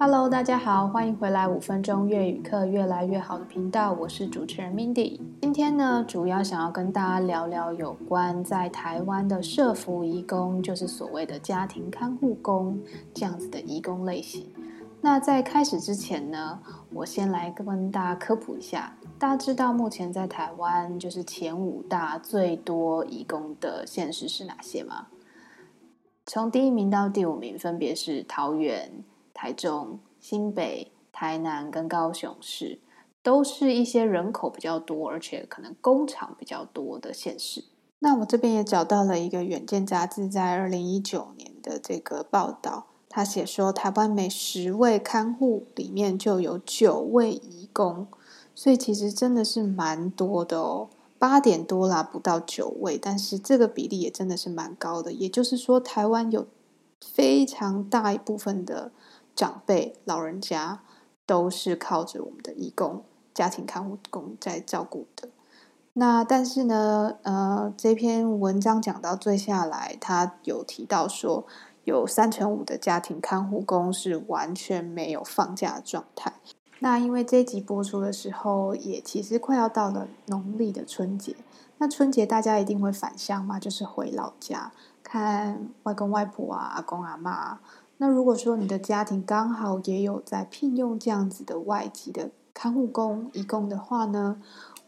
Hello，大家好，歡迎回來五分鐘越語課越來越好的頻道，我是主持人 Mindy。今天呢，主要想要跟大家聊聊有關在台灣的社福移工，就是所謂的家庭看護工這樣子的移工類型。那在開始之前呢，我先來跟大家科普一下，大家知道目前在台灣就是前五大最多移工的縣市是哪些嗎？從第一名到第五名分別是桃園。台中、新北、台南跟高雄市，都是一些人口比較多，而且可能工廠比較多的縣市。那我這邊也找到了一個《遠見》雜誌在二零一九年的這個報道，他寫說，台灣每十位看護裡面就有九位移工，所以其實真的是蠻多的哦。八點多啦，不到九位，但是這個比例也真的是蠻高的。也就是說，台灣有非常大一部分的。長輩、老人家都是靠着我們的移工、家庭看護工在照顧的。那但是呢，呃，這篇文章講到最下來，他有提到說，有三成五的家庭看護工是完全沒有放假的狀態。那因為這一集播出的時候，也其實快要到了農曆的春節。那春節大家一定會返鄉嘛，就是回老家看外公外婆啊、阿公阿嬤、啊。那如果說你的家庭剛好也有在聘用這樣子的外籍的看護工，移工的話呢，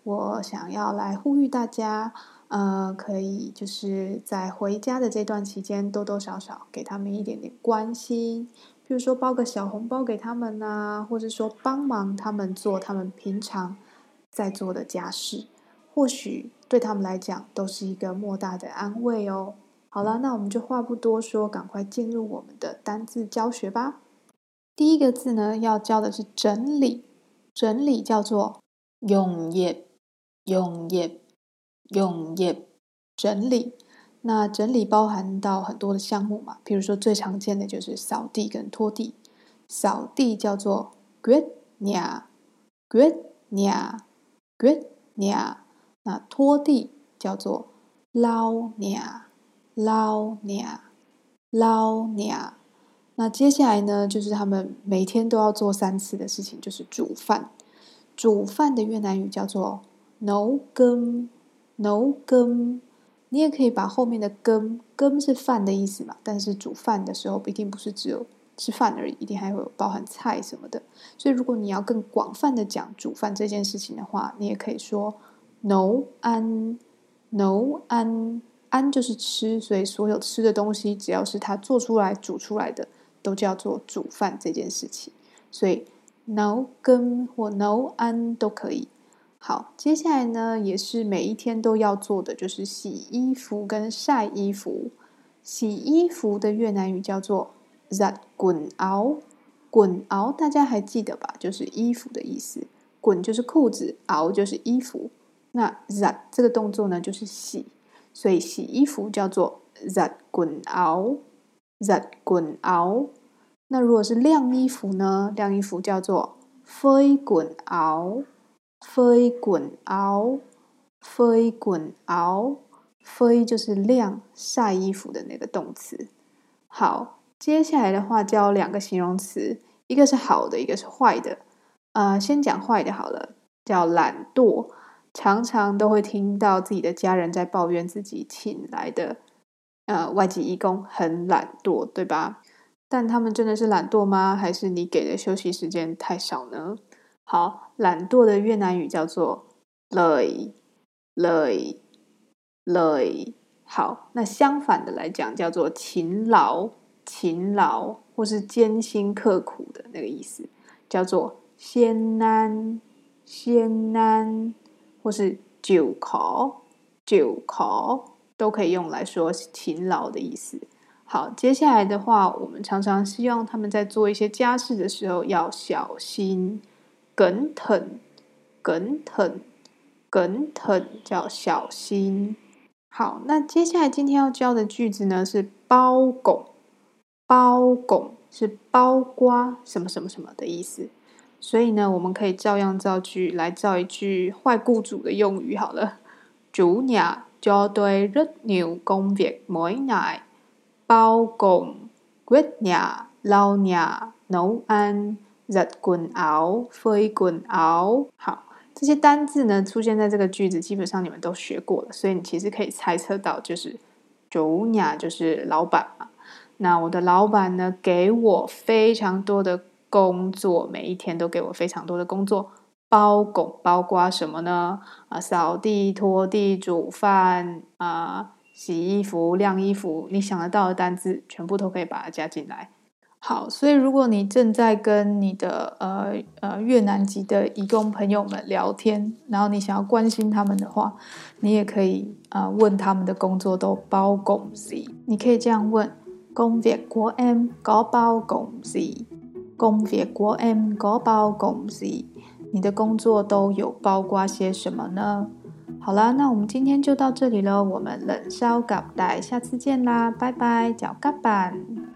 我想要來呼籲大家，呃，可以就是在回家的這段期間，多多少少給他們一點點關心，譬如說包個小紅包給他們啊，或者說幫忙他們做他們平常在做的家事，或許對他們來講都是一個莫大的安慰哦。好啦，那我們就話不多說，趕快進入我們的單字教學吧。第一個字呢，要教的是“整理”。整理叫做“用業”，“用業”，“用業”。整理，那整理包含到很多的項目嘛，比如說最常見的就是掃地跟拖地。掃地叫做、嗯“滾呀”，“滾呀”，“滾呀”。那拖地叫做、嗯“撈呀”。撈鳥，撈鳥。那接下來呢，就是他們每天都要做三次的事情，就是煮飯。煮飯的越南語叫做 nấu cơm，nấu cơm。你也可以把後面的“ cơm”“ cơm” 是飯的意思嘛，但是煮飯的時候，一定不是只有吃飯而已，一定還會有包含菜什麼的。所以，如果你要更廣泛的講煮飯這件事情的話，你也可以說 nấu ăn，nấu ăn。安就是吃，所以所有吃的東西，只要是它做出來、煮出來的，都叫做煮飯這件事情。所以 nấu cơm 或 nấu ăn 都可以。好，接下來呢，也是每一天都要做的，就是洗衣服跟曬衣服。洗衣服的越南語叫做 giặt quần áo，quần áo 大家還記得吧？就是衣服的意思。quần 就是褲子，áo 就是衣服。那 giặt 這個動作呢，就是洗。所以洗衣服叫做日滾熬，日滾熬。那如果是晾衣服呢？晾衣服叫做飛滾熬，飛滾熬，飛滾熬。飛就是晾曬衣服的那個動詞。好，接下來的話教兩個形容詞，一個是好的，一個是壞的。啊、呃，先講壞的好了，叫懶惰。常常都會聽到自己的家人在抱怨自己請來的呃外籍移工很懶惰，對吧？但他們真的是懶惰嗎？還是你給的休息時間太少呢？好，懶惰的越南語叫做累，累，累。好，那相反的來講叫做勤勞，勤勞或是艱辛刻苦的那個意思，叫做仙安，仙安。或是酒口，酒口都可以用來說是勤勞的意思。好，接下來的話，我們常常希望他們在做一些家事的時候要小心，梗疼，梗疼，梗疼，叫小心。好，那接下來今天要教的句子呢是包拱，包拱是包括什麼什麼什麼的意思。所以呢，我們可以照樣造句來造一句壞僱主的用語好了。主伢，交對熱牛公別莫奶，包工、月伢、勞伢、努安、日滾熬、飛滾熬。好，這些單字呢，出現在這個句子，基本上你們都學過了，所以你其實可以猜測到，就是，就是主伢就是老闆嘛。那我的老闆呢，給我非常多的。工作每一天都給我非常多的工作，包工包瓜什麼呢？啊，掃地、拖地、煮飯啊、呃，洗衣服、晾衣服，你想得到的單字全部都可以把它加進來。好，所以如果你正在跟你的呃呃越南籍的移工朋友們聊天，然後你想要關心他們的話，你也可以啊、呃、問他們的工作都包工司，你可以這樣問：，工越國 M，搞包工司。Công việc của em có bao gồm gì? 你的工作都有包括些什麼呢？好啦，那我們今天就到這裡嘍。我們冷燒咖待下次見啦，拜拜，腳咖板。